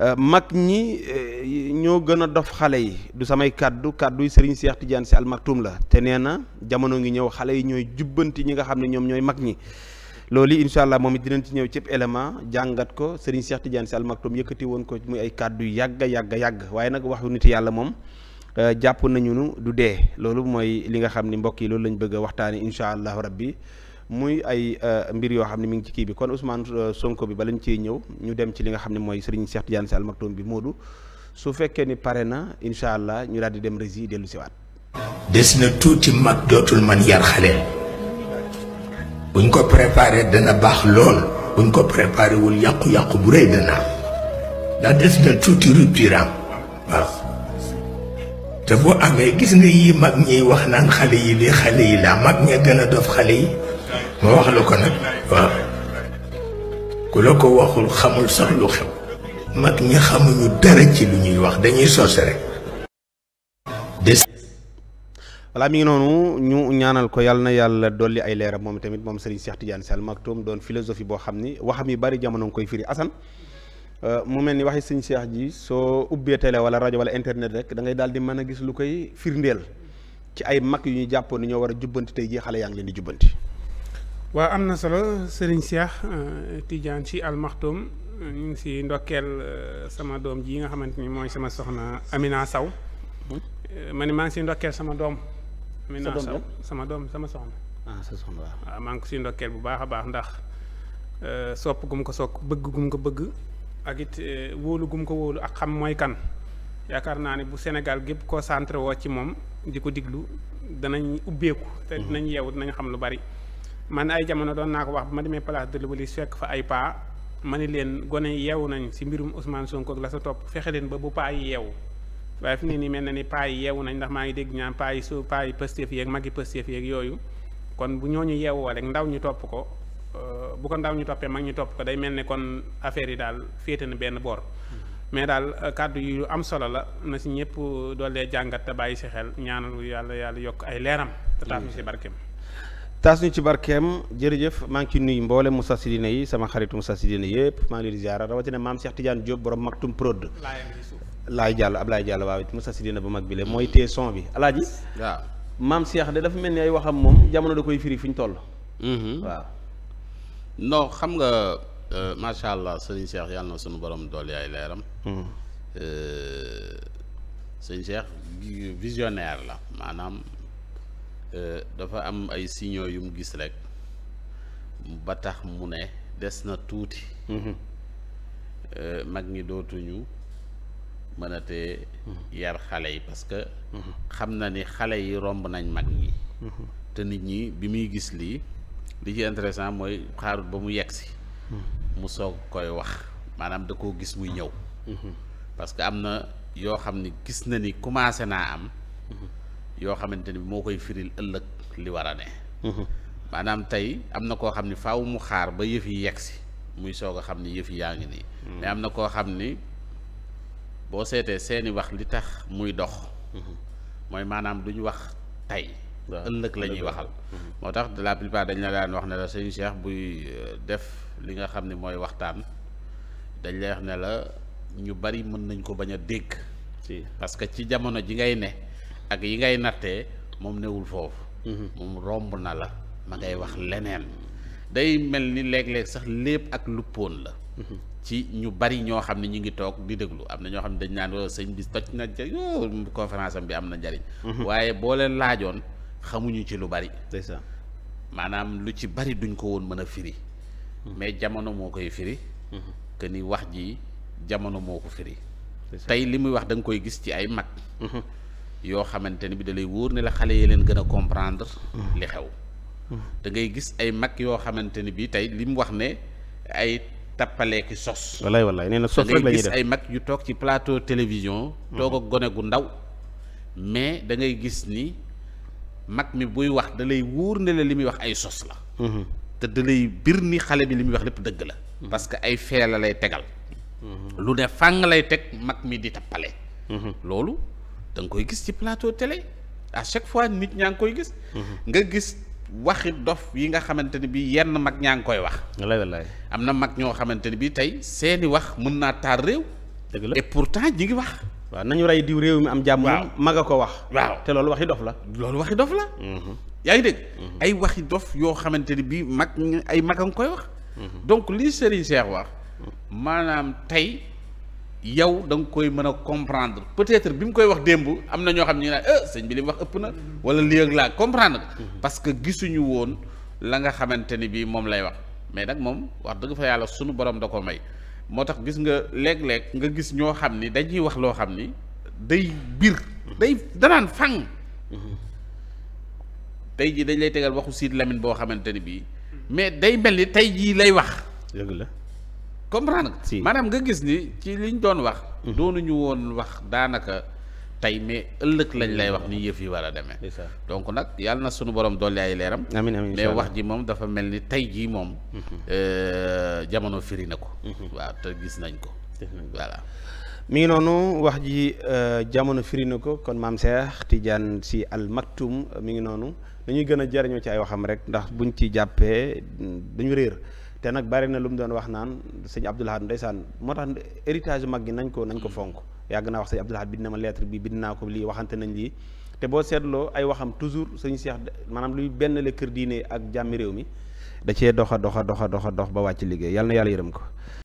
Euh, mag ñi euh, ñoo gën a dof xale yi du samay kàddu kàdduy yi Serigne Cheikh Tidiane Sy Al la te nee na jamono ngi ñëw xale yi ñooy jubbanti ñi nga xam ne ñoom ñooy mag ñi loolu yi allah moom it dinañ ci ñëw cëpp élément jàngat ko Serigne Cheikh Tidiane Sy Al yëkkati woon ko muy ay kàddu yàgg yàgg yàgg waaye nag waxu nit yàlla moom euh, jàpp nañu du dee loolu mooy li nga xam ni mbokk yi loolu lañ bëgg a waxtaanee incha allah rabbi muy ay euh, mbir yoo xam ne mi ngi ci kii bi kon Ousmane euh, Sonko bi balañ ciy ñëw ñu dem ci li nga xam ne mooy Serigne Cheikh Tidiane Sy Al Maktoum bi Modou su fekkee ni pare na incha allah ñu daal di dem rési dellu siwaat des na tuuti mag dootul man yar xale buñ ko préparé dana baax lool buñ ko préparé yàqu-yàqu bu rëy dana am ndax des na tuuti rupture te boo amee gis nga yi mag ñiy wax naan xale yi li xale yi laa mag ña gën a dof xale yi ma wax ko nag waaw ko waxul xamul sax lu xew mag ñi ci lu ñuy wax dañuy sos mi ngi noonu ñu ñaanal ko yàlla na yàlla dolli ay leeram moom tamit moom Serigne Cheikh Tidiane Sy Al Maktoum doon philosophie boo xam ni waxam yi bari jamono nga koy firi Assane euh, mu mel ni waxi Serigne Cheikh ji soo ubbee télé wala rajo wala internet rek da ngay daal di mën a gis lu koy firndeel ci ay mag yu ñuy jàppoon ni ñoo war a jubbanti tey jii xale yaa ngi leen di jubbanti. waaw am na solo Serigne Cheikh euh, Tidiane ci Al Maktoum euh, ñu ngi si ndokkeel euh, sama doom ji nga xamante ni mooy sama soxna Amina Saw hmm? ma ne maa ngi si ndokkeel sama doom Amina Saw sama doom sama soxna ah sa soxna maa ngi ko si ndokkeel bu baax a baax ndax sopp gum ko sopp bëgg gum ko bëgg ak it wóolu gum ko wóolu ak xam mooy kan yaakaar naa ne bu Sénégal gépp concentré woo ci moom di ko diglu danañ ubbeeku te hmm. dinañ yeewu dinañ xam lu bari man ay jamono doon naa ko wax ba ma demee place de l'Obélisque fekk fa ay paa ma ni leen gone yeewu nañ si mbirum Ousmane Sonko la sa topp fexe leen ba bu paa yi yeewu waaye fi ne nii mel na ni paa yi yeewu nañ ndax maa ngi dégg ñaan paa yi su paa yi Pastef yeeg magi Pastef yeeg yooyu kon bu ñoo ñu yeewoo rek ndaw ñu topp ko euh, bu ko ndaw ñu toppee mag ñu topp ko day mel ne kon affaire yi daal féete na benn boor mm-hmm. mais daal euh, kàddu yu am solo la na si ñëpp doolee jàngat te bàyyi si xel yàlla yàlla yokk ay leeram te taaf ñu si taas ñu ci barkeem jërëjëf maa ngi ci nuyu mboole mustasidina yi sama xaritu mustasidina yëpp maa ngi leen di ziara rawatina maam Cheikh Tidiane Diop borom Maktoum prod laay jàll Ablaye Jàll waaw it mustasidina bu mag bi mooy tee son bi alaaji waaw maam Cheikh de dafa mel ni ay waxam moom jamono da koy firi fu ñu toll mm-hmm. no xam nga euh, macha allah sëriñ Cheikh yàlla na suñu borom dool yaay leeram mm-hmm. euh, sëriñ Cheikh visionnaire la maanaam Euh, dafa am ay signaux yu mu gis rek ba tax mu ne des na tuuti mhm. euh, mag ñi dootuñu mën a mhm. yar xale yi parce que mhm. xam na ni xale yi romb nañ mag ñi te nit ñi bi muy gis lii li ci intéressant mooy xaarut ba mu yegg si mu soog koy wax maanaam da koo gis muy ñëw parce que am na yoo xam ne gis na ni commencé naa am yoo xamante ni moo koy firil ëllëg li war a ne mhm. maanaam tey am na koo xam ni faaw mu xaar ba yëf yi yegsi muy soog a xam ni yëf yaa ngi nii mhm. mais am na koo xam ni boo seetee seeni wax li tax muy dox mhm. mooy maanaam duñu wax tey ëllëg la ñuy waxal moo tax de la plupart dañ la daan wax ne la sëñ Cheikh buy euh, def li nga xam ne mooy waxtaan dañ lay wax ne la ñu bari mën nañ ko bañ a dégg parce que ci jamono ji ngay ne ak yi ngay nattee moom newul foofu mhm. moom romb na la ma ngay wax leneen day mel ni léeg-léeg sax lépp ak luppoon la mhm. ci ñu bari ñoo xam ne ñu ngi toog di déglu am na ñoo xam ne dañ naan oh, sëñ bi toj na jëriñ oh, yoo bi am na njariñ mhm. waaye boo leen laajoon xamuñu ci lu bari maanaam lu ci bari duñ ko woon mën a firi mais jamono moo koy firi que ni wax ji jamono moo ko firi tey li muy wax danga koy gis ci ay mag yoo xamante ni bi da lay wóor ne la xale yi leen gën a comprendre mm-hmm. li xew mm-hmm. da ngay gis ay mag yoo xamante ni bi tey li mu wax ne ay tappaleeki sos wallaay wallaay nee na sos rek la gis ay mag yu toog ci plateau télévision mm-hmm. toog ak gone gu ndaw mais da ngay gis ni mag mi buy wax dalay wóor ne la li muy wax ay sos la te da lay bir ni xale bi li muy wax lépp dëgg la parce que ay fee la lay tegal lu ne fàng lay teg mag mi di tappale loolu danga koy gis ci plateau télé à chaque fois nit ñaa ngi koy gis. nga gis waxi dof yi nga xamante ni bii yenn mag ñaa ngi koy wax. wallaay am na mag ñoo xamante ni bii tey seeni wax mën naa taar réew. dëgg la et pourtant ñi ngi wax. waaw nañu rey diw réew mi am jàmm. waaw mag a ko wax. waaw te loolu waxi dof la. loolu waxi dof la. Mhm. yaa ngi dégg. Mhm. ay waxi dof yoo xamante ni bii mag ay mag a ngi koy wax. Mhm. donc li Serigne Cheikh wax maanaam tey. yow da nga koy mën a comprendre peut-être bi mu koy wax démb am na ñoo xam ne ñu naan eh sëñ bi li mu wax ëpp na wala lii ak laa comprendre ko mm-hmm. parce que gisuñu woon la nga xamante ni bii moom lay wax mais nag moom wax dëgg fa yàlla sunu borom da ko may moo tax gis nga léeg-léeg nga gis ñoo xam ni dañuy wax loo xam ni day biir mm-hmm. day danaan fang. Mm-hmm. tey jii dañ lay tegal waxu Sidy Lamine boo xamante ni bii mais day mel ni tey jii lay wax. dëgg la. comprendre nga. si maanaam nga gis ni ci liñ doon wax. Mhm. doonuñu woon wax daanaka tey mais ëllëg lañ lay wax ni yëf yi war a demee. donc nag yàlla na sunu borom dolli ay leeram. amiin amiin wax ji moom dafa mel ni tey jii moom. Mhm. Euh, jamono firi na ko. Mhm. waaw te gis nañ ko. voilà. mi ngi noonu wax ji euh, jamono firi na ko kon maam Cheikh Tidiane si al maktum mi ngi noonu dañuy gën a jariñoo ci ay waxam rek ndax buñ ci jàppee mm, dañu réer. te nag bari na lu mu doon wax naan sëñ Abdou Lahad ndeysaan moo tax héritage mag gi nañ ko nañ ko fonk yàgg naa wax sëñ Abdou Lahad bind na ma lettre bi bind naa ko lii waxante nañ lii te boo seetloo ay waxam toujours sëñ Seex maanaam luy benn la kër diine ak jàmmi réew mi da cee doxa doxa doxa doxa dox ba wàcc liggéey yàlla na yàlla yërëm ko